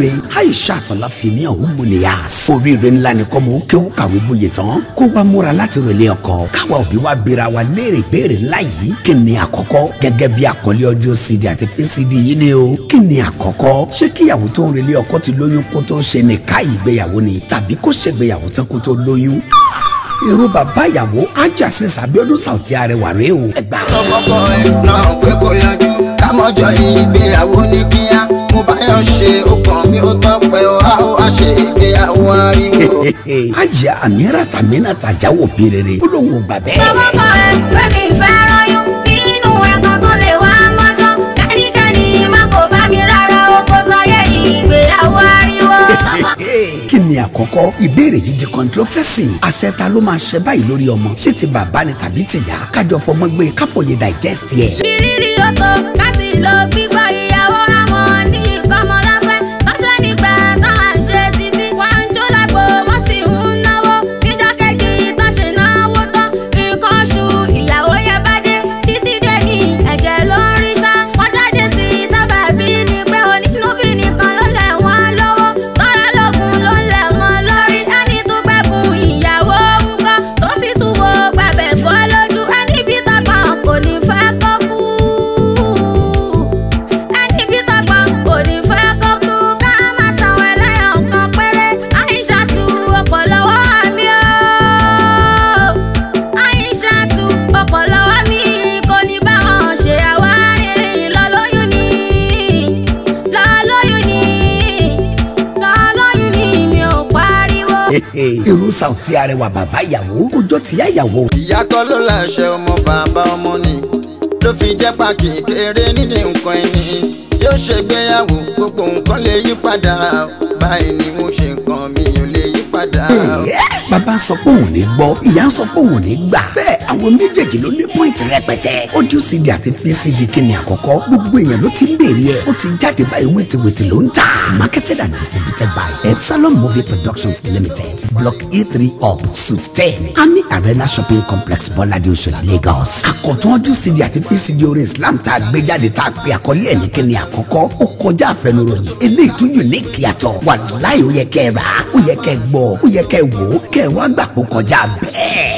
rèé Aisha àtọ̀lá fìmí ọ̀hún múniyàs oríire ńlá ni kọ́mọ ó kéwú kàwé gboyè tán kó wa múra láti rèlé ọkọ káwa òbí wa bira wa léèrè béèrè ńlá yìí kí ni àkọ́kọ́ gẹ́gẹ́ bí àkọlé ọjọ́ cd àti pcd yìí ni o kí ni àkọ́kọ́ ṣé kíyàwó tó ń rèlé ọkọ ti lóyún kó tó ṣe nìka ìgbéyàwó ni tàbí kó ṣègbéyàwó tán kó tó lóyún irú bàbá ìyàwó ajá sí sàbíọdún sàùtì arẹwà rèé o. ẹgbà. sọ fọpọ ẹ náà pé kò yanjú kámọjọ ìgbéyàwó ní kíá mo bá yàn ṣe ó kàn mí ó tán pẹ́ ó á ó á ṣe ìgbéyàwó ariwo. ajá àmìíràn tàmínà tàjà wò bí rere ó lóun ò gbà bẹ́ẹ̀. sọ́kọ́kọ́ ẹ pé mi fẹ́ rọ́yún nínú ẹ̀kan tó lè wá mọ́jọ́ kẹ́nikẹ́ni má kò bá mi rárá o kò sọyẹ́ ìgbéyàwó ariwo. kí ni àkọ́kọ́ ìbéèrè yìí di controversy àṣẹ ta ló máa ṣe báyìí lórí ọmọ ṣé ti bàbá ni tàbí tìyá kájọ fọmọ gbé káfọyé digest yẹ. ìrírí ọ̀tọ̀ ká sì lọ gbígbọ́ ìyàwó àmọ́ irú sàùntì arẹwà bàbá ìyàwó kò jọ tìyá ìyàwó. ìyá kọ́ ló láṣẹ ọmọ bàbá ọmọ ni ló fi jẹ́ pa kékeré nídìí nǹkan ẹni yóò ṣègbéyàwó gbogbo nǹkan lè yí padà báyìí ni mo ṣe nǹkan mi ò lè yí padà. bàbá sọ pé òun ní gbọ́ ìyá sọ pé òun ní gbà. bẹ́ẹ̀ àwọn méjèèjì ló ní pọ́ìntì rẹpẹtẹ audio cd àti vcd kìíní àkọ́kọ́ gbogbo èèyàn ló ti ń béèrè ẹ̀ ó ti jáde báyìí wìtìwìtì ló ń tà marketed and distributed by epsilon movie productions limited block e three up suite ten ami arena shopping complex bọ́ládé oṣòdì lagos àkọ́tún audio cd àti vcd orin islam tá a gbé jáde tá a pè àkọlé ẹ̀ ní kìíní àkọ́kọ́ ó kọjá àfẹnuròyìn eléyìí tún unique yàtọ̀ wàláì ó yẹ kẹ́ ra ó yẹ kẹ́ gbọ́ ó yẹ kẹ́ wò ó kẹ́ wá gbà kó kọjá bẹ́ẹ̀.